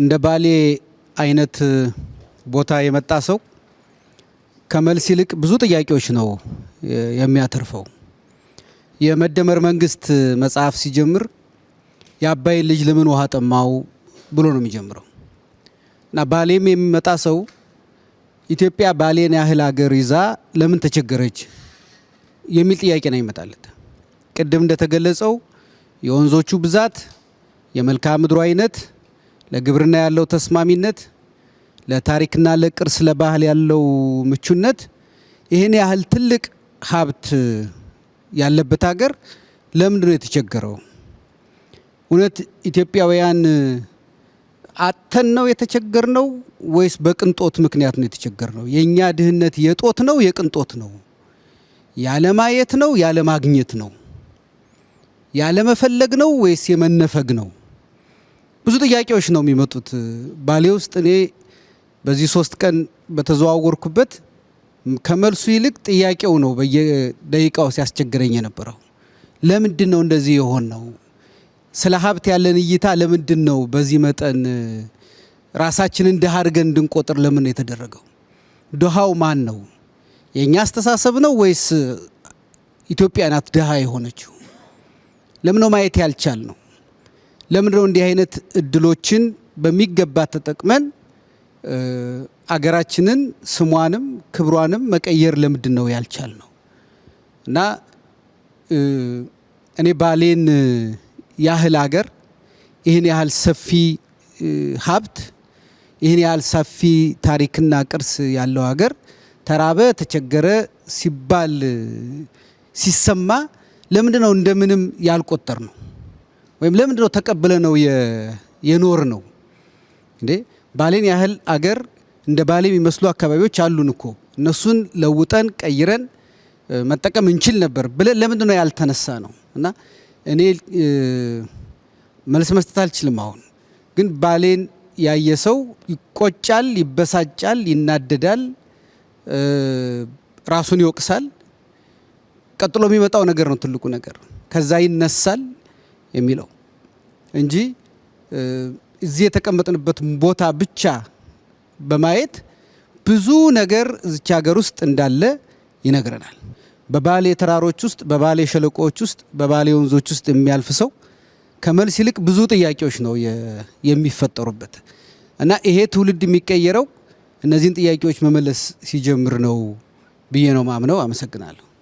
እንደ ባሌ አይነት ቦታ የመጣ ሰው ከመልስ ይልቅ ብዙ ጥያቄዎች ነው የሚያተርፈው። የመደመር መንግስት መጽሐፍ ሲጀምር የአባይ ልጅ ለምን ውሃ ጠማው ብሎ ነው የሚጀምረው እና ባሌም የሚመጣ ሰው ኢትዮጵያ ባሌን ያህል ሀገር ይዛ ለምን ተቸገረች የሚል ጥያቄ ነው ይመጣለት። ቅድም እንደተገለጸው የወንዞቹ ብዛት፣ የመልክዓ ምድሩ አይነት ለግብርና ያለው ተስማሚነት፣ ለታሪክና ለቅርስ ለባህል ያለው ምቹነት ይህን ያህል ትልቅ ሀብት ያለበት ሀገር ለምንድን ነው የተቸገረው? እውነት ኢትዮጵያውያን አተን ነው የተቸገር ነው ወይስ በቅንጦት ምክንያት ነው የተቸገር ነው? የእኛ ድህነት የጦት ነው የቅንጦት ነው? ያለማየት ነው ያለማግኘት ነው? ያለመፈለግ ነው ወይስ የመነፈግ ነው? ጥያቄዎች ነው የሚመጡት። ባሌ ውስጥ እኔ በዚህ ሶስት ቀን በተዘዋወርኩበት ከመልሱ ይልቅ ጥያቄው ነው በየደቂቃው ሲያስቸግረኝ የነበረው። ለምንድን ነው እንደዚህ የሆን ነው? ስለ ሀብት ያለን እይታ ለምንድን ነው በዚህ መጠን ራሳችንን ድሃ አድርገን እንድንቆጥር ለምን ነው የተደረገው? ድሃው ማን ነው? የእኛ አስተሳሰብ ነው ወይስ ኢትዮጵያ ናት ድሃ የሆነችው? ለምነው ማየት ያልቻል ነው? ለምንድነው እንዲህ አይነት እድሎችን በሚገባ ተጠቅመን አገራችንን ስሟንም ክብሯንም መቀየር ለምንድን ነው ያልቻል ነው? እና እኔ ባሌን ያህል አገር ይህን ያህል ሰፊ ሀብት ይህን ያህል ሰፊ ታሪክና ቅርስ ያለው ሀገር ተራበ፣ ተቸገረ ሲባል ሲሰማ ለምንድን ነው እንደምንም ያልቆጠር ነው? ወይም ለምንድን ነው ተቀብለ ነው የኖር ነው እንዴ? ባሌን ያህል አገር እንደ ባሌ የሚመስሉ አካባቢዎች አሉን እኮ እነሱን ለውጠን ቀይረን መጠቀም እንችል ነበር ብለን ለምንድን ነው ያልተነሳ ነው? እና እኔ መልስ መስጠት አልችልም። አሁን ግን ባሌን ያየ ሰው ይቆጫል፣ ይበሳጫል፣ ይናደዳል፣ ራሱን ይወቅሳል። ቀጥሎ የሚመጣው ነገር ነው ትልቁ ነገር። ከዛ ይነሳል። የሚለው እንጂ እዚህ የተቀመጥንበት ቦታ ብቻ በማየት ብዙ ነገር እዚች ሀገር ውስጥ እንዳለ ይነግረናል። በባሌ ተራሮች ውስጥ፣ በባሌ ሸለቆዎች ውስጥ፣ በባሌ ወንዞች ውስጥ የሚያልፍ ሰው ከመልስ ይልቅ ብዙ ጥያቄዎች ነው የሚፈጠሩበት እና ይሄ ትውልድ የሚቀየረው እነዚህን ጥያቄዎች መመለስ ሲጀምር ነው ብዬ ነው ማምነው። አመሰግናለሁ።